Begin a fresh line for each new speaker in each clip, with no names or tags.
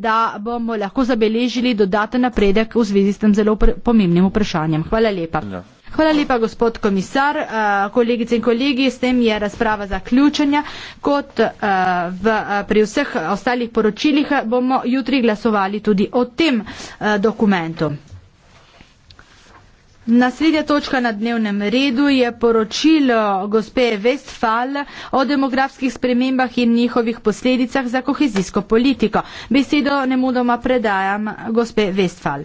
da bomo lahko zabeležili dodaten napredek v zvezi s tem zelo pomembnim vprašanjem. Hvala lepa. Ja. Hvala lepa, gospod komisar. Uh, kolegice in kolegi, s tem je razprava zaključena. Kot uh, v, uh, pri vseh ostalih poročilih bomo jutri glasovali tudi o tem uh, dokumentu. Naslednja točka na dnevnem redu je poročilo gospe Westfall o demografskih spremembah in njihovih posledicah za kohezijsko politiko. Besedo nemudoma predajam gospe Westfall.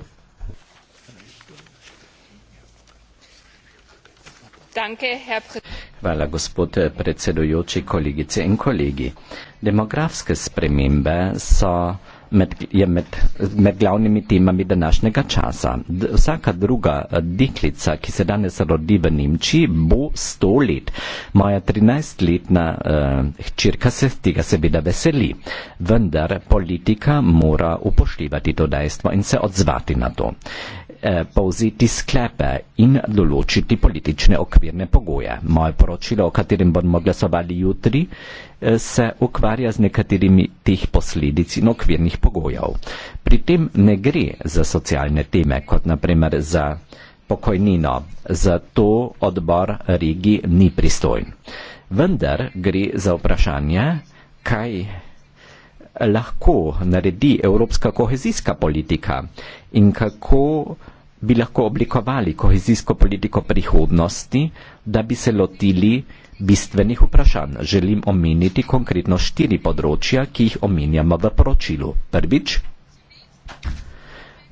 Hvala, gospod predsedujoči, kolegice in kolegi. Demografske spremembe so med, je med med glavnimi temami današnjega časa. D vsaka druga eh, deklica, ki se danes rodi v Nemčiji, bo 100 let. Moja 13-letna uh, eh, hčerka se tega seveda veseli, vendar politika mora upoštevati to dejstvo in se odzvati na to eh, povzeti sklepe in določiti politične okvirne pogoje. Moje poročilo, o katerem bomo glasovali jutri, se ukvarja z nekaterimi teh posledic in okvirnih pogojev. Pri tem ne gre za socialne teme, kot naprimer za pokojnino. Zato odbor regi ni pristojen. Vendar gre za vprašanje, kaj lahko naredi evropska kohezijska politika in kako bi lahko oblikovali kohezijsko politiko prihodnosti, da bi se lotili bistvenih vprašanj. Želim omeniti konkretno štiri področja, ki jih omenjamo v poročilu. Prvič,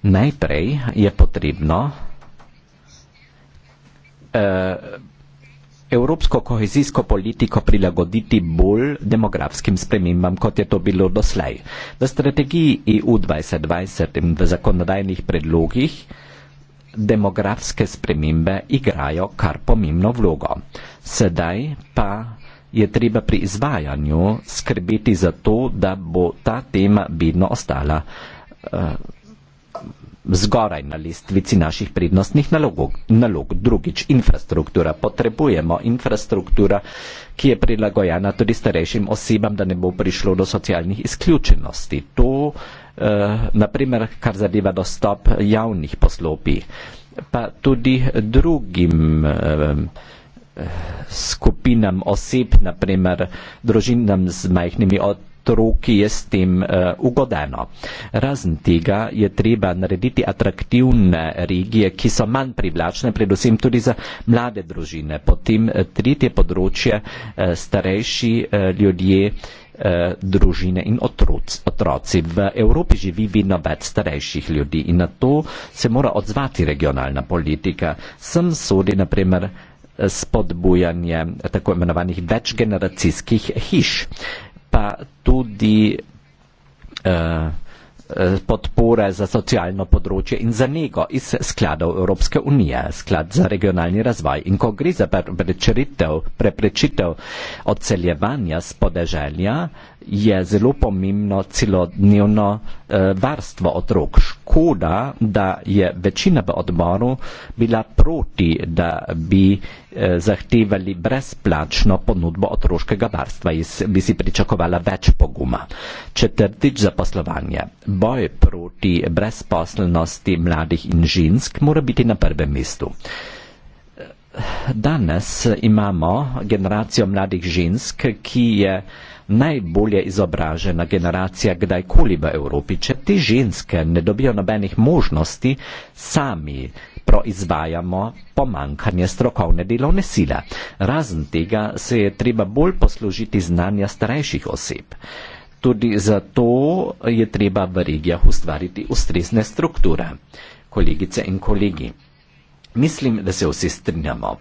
Najprej je potrebno eh, evropsko kohezijsko politiko prilagoditi bolj demografskim spremembam, kot je to bilo doslej. V strategiji EU 2020 in v zakonodajnih predlogih demografske spremembe igrajo kar pomembno vlogo. Sedaj pa je treba pri izvajanju skrbeti za to, da bo ta tema vedno ostala Eh, zgoraj na listvici naših prednostnih nalog, nalog. Drugič, infrastruktura. Potrebujemo infrastruktura, ki je prilagojena tudi starejšim osebam, da ne bo prišlo do socialnih izključenosti. To, eh, naprimer, kar zadeva dostop javnih poslopij, pa tudi drugim eh, skupinam oseb, naprimer, družinam z majhnimi otroki, otroki je s tem uh, ugodeno. Razen tega je treba narediti atraktivne regije, ki so manj privlačne, predvsem tudi za mlade družine. Potem eh, tretje področje, uh, starejši uh, ljudje, uh, družine in otroci. otroci. V Evropi živi vedno več starejših ljudi in na to se mora odzvati regionalna politika. Sem sodi naprimer spodbujanje tako imenovanih večgeneracijskih hiš pa tudi eh, eh, podpore za socialno področje in za nego iz skladov Evropske unije, sklad za regionalni razvoj. In ko gre za preprečitev odseljevanja spodeželja, je zelo pomembno celodnevno eh, Eh, varstvo otrok. Škoda, da je večina v odboru bila proti, da bi eh, zahtevali brezplačno ponudbo otroškega varstva in bi si pričakovala več poguma. Četrtič zaposlovanje. Boj proti brezposelnosti mladih in žensk mora biti na prvem mestu. Danes imamo generacijo mladih žensk, ki je uh, najbolje izobražena generacija kdajkoli v Evropi. Če te ženske ne dobijo nobenih možnosti, sami proizvajamo pomankanje strokovne delovne sile. Razen tega se je treba bolj poslužiti znanja starejših oseb. Tudi zato je treba v regijah ustvariti ustrezne strukture. Kolegice in kolegi, mislim, da se vsi strinjamo.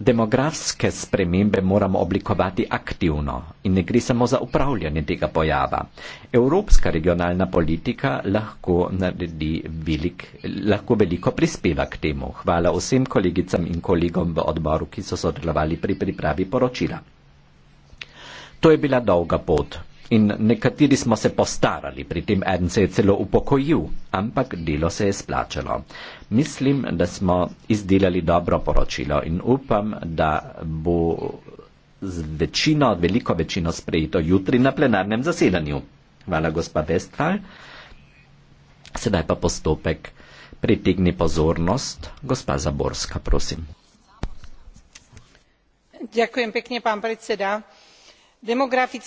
Demografske spremembe moramo oblikovati aktivno in ne gre samo za upravljanje tega pojava. Evropska regionalna politika lahko, velik, lahko veliko prispeva k temu. Hvala vsem kolegicam in kolegom v odboru, ki so sodelovali pri pripravi poročila. To je bila dolga pot, In nekateri smo se postarali, pri tem eden se je celo upokojil, ampak delo se je splačalo. Mislim, da smo izdelali dobro poročilo in upam, da bo z večino, veliko večino sprejeto jutri na plenarnem zasedanju. Hvala, gospa Vestral. Sedaj pa postopek. Pritegni pozornost, gospa Zaborska, prosim.
Zaborska.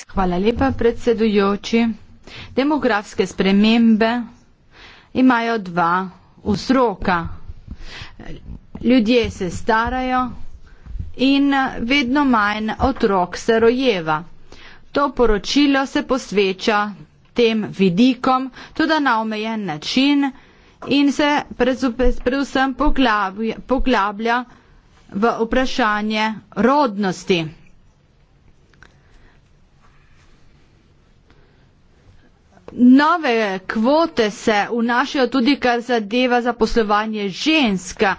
Hvala lepa, predsedujoči. Demografske spremembe imajo dva vzroka. Ljudje se starajo in vedno manj otrok se rojeva. To poročilo se posveča tem vidikom, tudi na omejen način in se predvsem poglablja v vprašanje rodnosti. Nove kvote se vnašajo tudi, kar zadeva zaposlovanje ženska.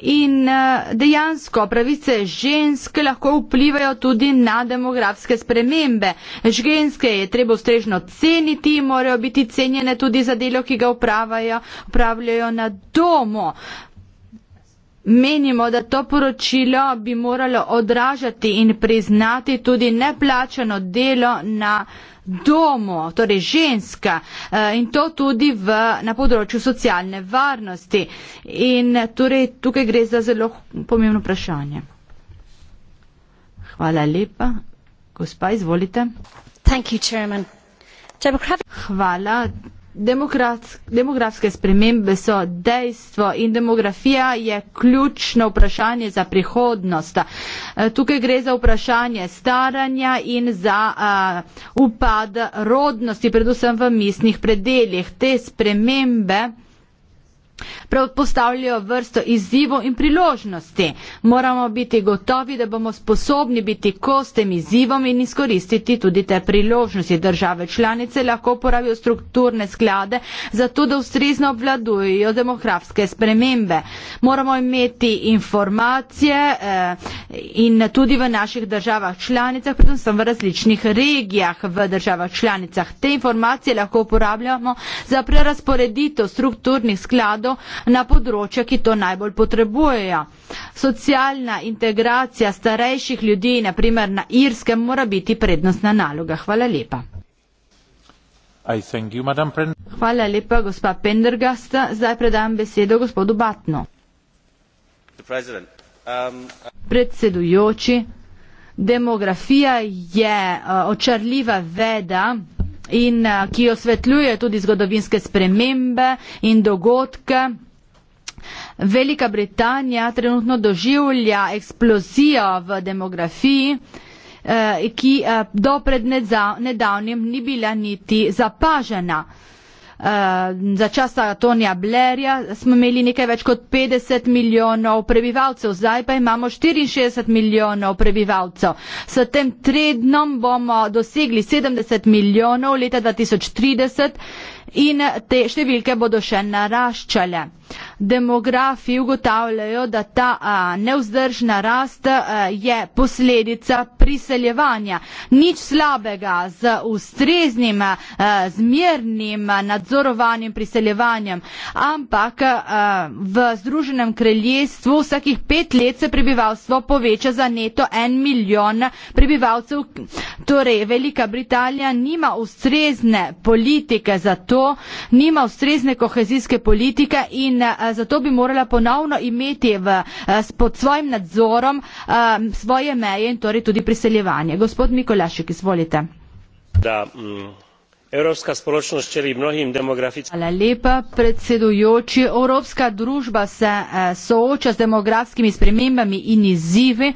In eh, dejansko pravice ženske lahko vplivajo tudi na demografske spremembe. Ženske je treba ustrežno ceniti, morajo biti cenjene tudi za delo, ki ga upravajo, upravljajo na domu. Menimo, da to poročilo bi moralo odražati in priznati tudi neplačano delo na domu domu, torej ženska eh, in to tudi v, na področju socialne varnosti. In torej tukaj gre za zelo pomembno vprašanje. Hvala lepa. Gospa, izvolite. Thank you, Hvala, demografske spremembe so dejstvo in demografija je ključno vprašanje za prihodnost. E, tukaj gre za vprašanje staranja in za uh, upad rodnosti, predvsem v mislih predeljih. Te spremembe Prav postavljajo vrsto izzivov in priložnosti. Moramo biti gotovi, da bomo sposobni biti kostem izzivom in izkoristiti tudi te priložnosti. Države članice lahko uporabijo strukturne sklade za to, da ustrezno obvladujejo demografske spremembe. Moramo imeti informacije eh, in tudi v naših državah članicah, predvsem v različnih regijah v državah članicah. Te informacije lahko uporabljamo za prerasporeditev strukturnih skladov vlado na področja, ki to najbolj potrebujejo. Socialna integracija starejših ljudi, naprimer na Irskem, mora biti prednostna naloga. Hvala lepa. You, Hvala lepa, gospa Pendergast. Zdaj predam besedo gospodu Batno.
Um,
predsedujoči, demografija je uh, očarljiva veda in eh, ki osvetljuje tudi zgodovinske spremembe in dogodke. Velika Britanija trenutno doživlja eksplozijo v demografiji, eh, ki eh, do pred nedavnim ni bila niti zapažena. Eh, za časa Tonija Blerja smo imeli nekaj več kot 50 milijonov prebivalcev, zdaj pa imamo 64 milijonov prebivalcev. S tem trednom bomo dosegli 70 milijonov leta 2030 in te številke bodo še naraščale. Demografi ugotavljajo, da ta a, nevzdržna rast a, je posledica priseljevanja. Nič slabega z ustreznim, a, zmernim nadzorovanjem priseljevanjem, ampak a, v Združenem kraljestvu vsakih pet let se prebivalstvo poveča za neto en milijon prebivalcev. Torej, Velika Britanija nima ustrezne politike za to, zato nima ustrezne kohezijske politike in eh, zato bi morala ponovno imeti v, eh, pod svojim nadzorom eh, svoje meje in torej tudi priseljevanje. Gospod Mikolašek, izvolite.
Da, m, mm, Evropska spoločnosť čelí mnohým demografickým.
Hvala lepa, predsedujoči. Evropska družba se eh, sooča s demografskimi spremembami in izzivi,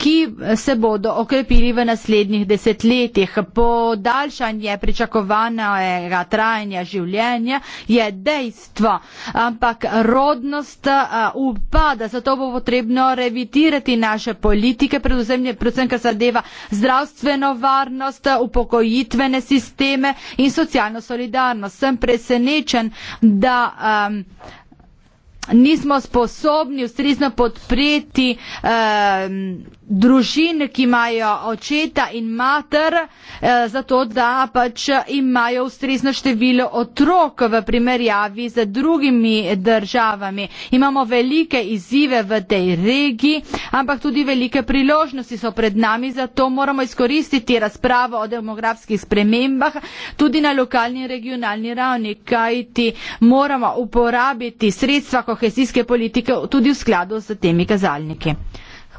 ki eh, se bodo okrepili v naslednjih desetletjih. Podaljšanje pričakovanega trajanja življenja je dejstvo, ampak rodnost eh, upada, zato bo potrebno revitirati naše politike, predvsem, predvsem kar zadeva zdravstveno varnost, upokojitvene sisteme, in socialno solidarnost. Sem presenečen, da um, nismo sposobni ustrezno podpreti eh, družin, ki imajo očeta in mater, eh, zato da pač imajo ustrezno število otrok v primerjavi z drugimi državami. Imamo velike izzive v tej regiji, ampak tudi velike priložnosti so pred nami, zato moramo izkoristiti razpravo o demografskih spremembah tudi na lokalni in regionalni ravni, kajti moramo uporabiti sredstva, kohezijske politike tudi v skladu z temi kazalniki.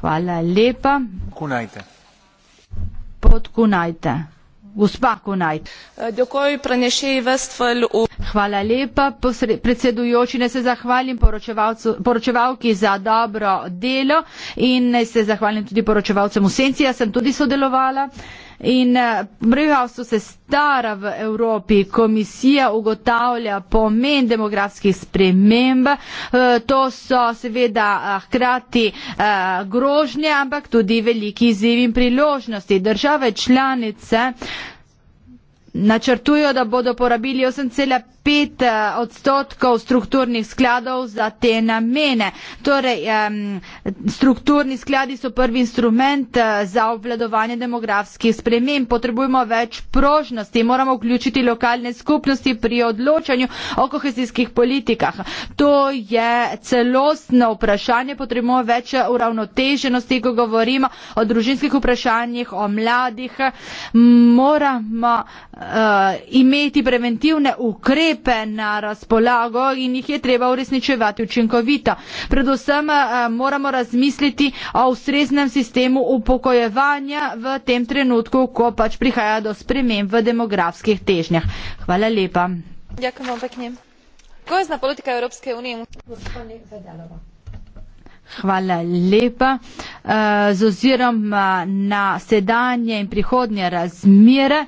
Hvala lepa. Kunajte. Pod Kunajte. Gospa Kunajte. Dokoj prenešej vestval v. Hvala lepa, predsedujoči, ne se zahvalim poročevalki za dobro delo in ne se zahvalim tudi poročevalcem v senci, jaz sem tudi sodelovala. In prebivalstvo eh, se stara v Evropi, komisija ugotavlja pomen demografskih sprememb, eh, to so seveda eh, hkrati grožnje, ampak tudi veliki izziv in priložnosti. Države članice načrtujejo, da bodo porabili 8,5 eh, odstotkov strukturnih skladov za te namene. Torej, strukturni skladi so prvi instrument eh, za obvladovanje demografskih sprememb. Potrebujemo več prožnosti, moramo vključiti lokalne skupnosti pri odločanju o kohezijskih politikah. To je celostno vprašanje, potrebujemo več uravnoteženosti, ko govorimo o družinskih vprašanjih, o mladih. Moramo uh, imeti preventivne ukrepe na razpolago in jih je treba uresničevati učinkovito. Predvsem uh, moramo razmisliti o ustreznem sistemu upokojevanja v tem trenutku, ko pač prihaja do sprememb v demografskih težnjah. Hvala lepa.
Gozna politika Evropske unije.
Hvala lepa. Eh, z ozirom na sedanje in prihodnje razmere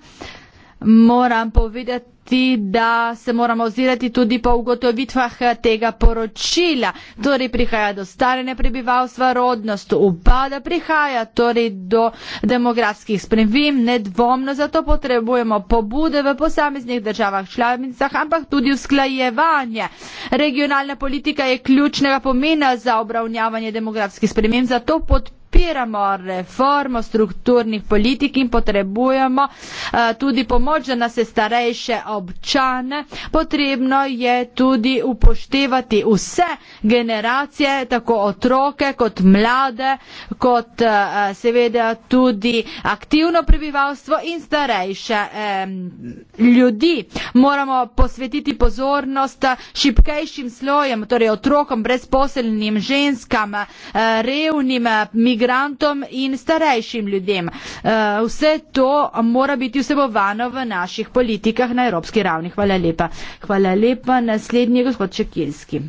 moram povedati da se moramo ozirati tudi po ugotovitvah eh, tega poročila. Torej prihaja do starene prebivalstva, rodnost upada, prihaja torej do demografskih sprevim, nedvomno zato potrebujemo pobude v posameznih državah članicah, ampak tudi usklajevanje. Regionalna politika je ključnega pomena za obravnjavanje demografskih sprevim, zato podpiramo podpiramo reformo strukturnih politik in potrebujemo eh, tudi pomoč za nas starejše občane. Potrebno je tudi upoštevati vse generacije, tako otroke kot mlade, kot eh, seveda tudi aktivno prebivalstvo in starejše ljudi. Moramo posvetiti pozornost šipkejšim slojem, torej otrokom, brezposelnim, ženskam, eh, revnim, migracijam, migrantom in starejšim ljudem. Eh, vse to mora biti vsebovano v naših politikah na evropski ravni. Hvala lepa. Hvala lepa. Naslednji je gospod Čekilski.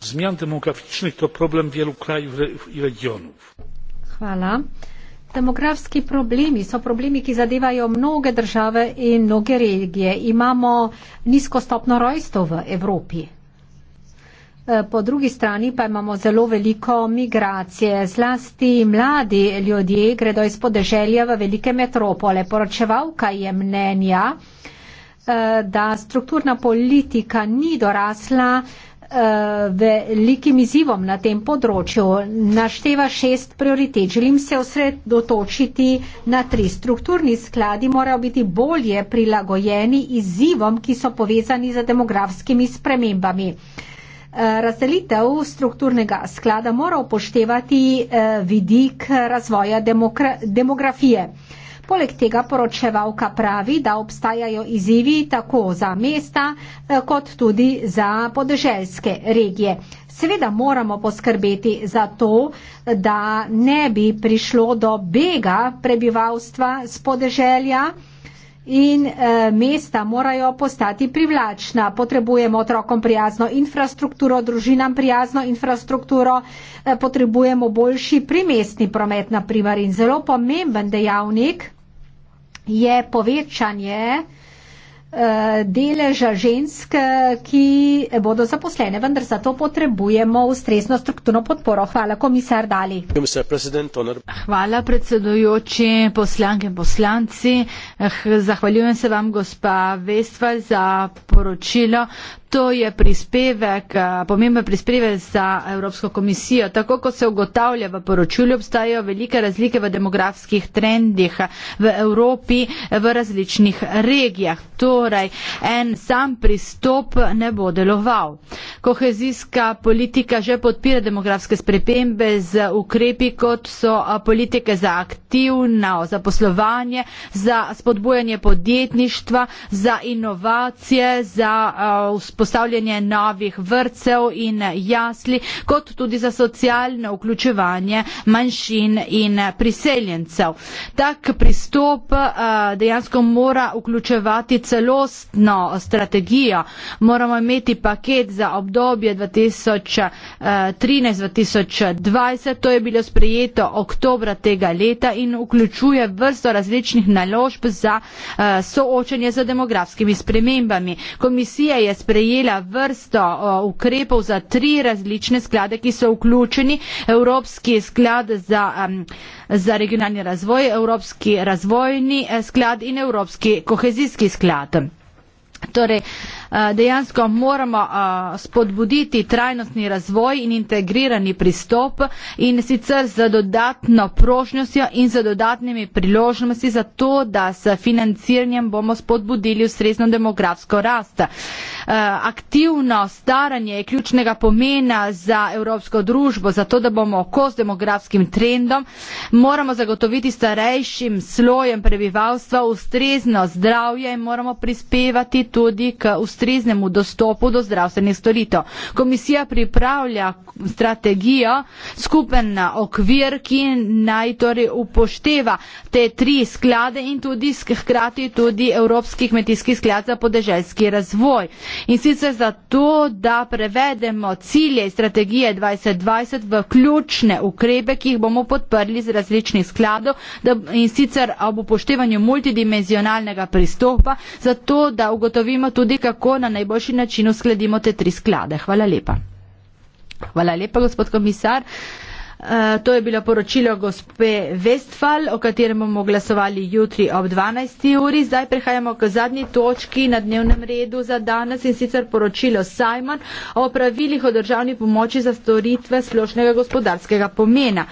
Zmijan demografičnih to problem vjelu kraju i regionov.
Hvala. Demografski problemi so problemi, ki zadevajo mnoge države in mnoge regije. Imamo nizko stopno rojstvo v Evropi. Eh, po drugi strani pa imamo zelo veliko migracije. Zlasti mladi ljudje gredo iz podeželja v velike metropole. Poročevalka je mnenja, eh, da strukturna politika ni dorasla eh, velikim izzivom na tem področju. Našteva šest prioritet. Želim se osredotočiti na tri. Strukturni skladi morajo biti bolje prilagojeni izzivom, ki so povezani z demografskimi spremembami. Eh, razdelitev strukturnega sklada mora upoštevati eh, vidik razvoja demografije. Poleg tega poročevalka pravi, da obstajajo izzivi tako za mesta eh, kot tudi za podeželske regije. Seveda moramo poskrbeti za to, da ne bi prišlo do bega prebivalstva s podeželja in e, mesta morajo postati privlačna. Potrebujemo otrokom prijazno infrastrukturo, družinam prijazno infrastrukturo, e, potrebujemo boljši primestni promet, naprimer, in zelo pomemben dejavnik je povečanje Eh, deleža žensk, ki bodo zaposlene, vendar za to potrebujemo ustrezno strukturno podporo. Hvala, komisar Dali. Hvala, predsedujoči, poslanke in poslanci.
Eh, zahvaljujem se vam, gospa Vestva, za poročilo. To je prispevek, eh, pomemben prispevek za Evropsko komisijo. Tako kot se ugotavlja v poročilju, obstajajo velike razlike v demografskih trendih v Evropi, v različnih regijah. Torej, en sam pristop ne bo deloval. Kohezijska politika že podpira demografske spremembe z ukrepi, kot so eh, politike za aktivno zaposlovanje, za spodbujanje podjetništva, za inovacije, za uh, vzpostavljanje novih vrtcev in jasli, kot tudi za socialno vključevanje manjšin in priseljencev. Tak pristop eh, dejansko mora vključevati celostno strategijo. Moramo imeti paket za obdobje 2013-2020, eh, to je bilo sprejeto oktobra tega leta in vključuje vrsto različnih naložb za eh, soočanje z demografskimi spremembami. Komisija je sprejela sprejela vrsto ukrepov za tri različne sklade, ki so vključeni. Evropski sklad za, za regionalni razvoj, Evropski razvojni eh, sklad in Evropski kohezijski sklad. Torej, Eh, dejansko moramo eh, spodbuditi trajnostni razvoj in integrirani pristop in sicer z dodatno prožnostjo in z dodatnimi priložnostmi za to, da s financiranjem bomo spodbudili ustrezno demografsko rast. Eh, aktivno staranje je ključnega pomena za evropsko družbo, zato da bomo oko z demografskim trendom, moramo zagotoviti starejšim slojem prebivalstva ustrezno zdravje in moramo prispevati tudi k ustreznosti ustreznemu dostopu do zdravstvenih storitev. Komisija pripravlja strategijo skupen okvir, ki naj torej upošteva te tri sklade in tudi hkrati tudi Evropski kmetijski sklad za podeželjski razvoj. In sicer zato, da prevedemo cilje strategije 2020 v ključne ukrepe, ki jih bomo podprli z različnih skladov da, in sicer ob upoštevanju multidimenzionalnega pristopa, zato da ugotovimo tudi, kako kako na najboljši način uskladimo te tri sklade. Hvala lepa. Hvala lepa, gospod komisar. Uh, to je bilo poročilo gospe Westfall, o katerem bomo glasovali jutri ob 12. uri. Zdaj prehajamo k zadnji točki na dnevnem redu za danes in sicer poročilo Simon o pravilih o državni pomoči za storitve splošnega gospodarskega pomena.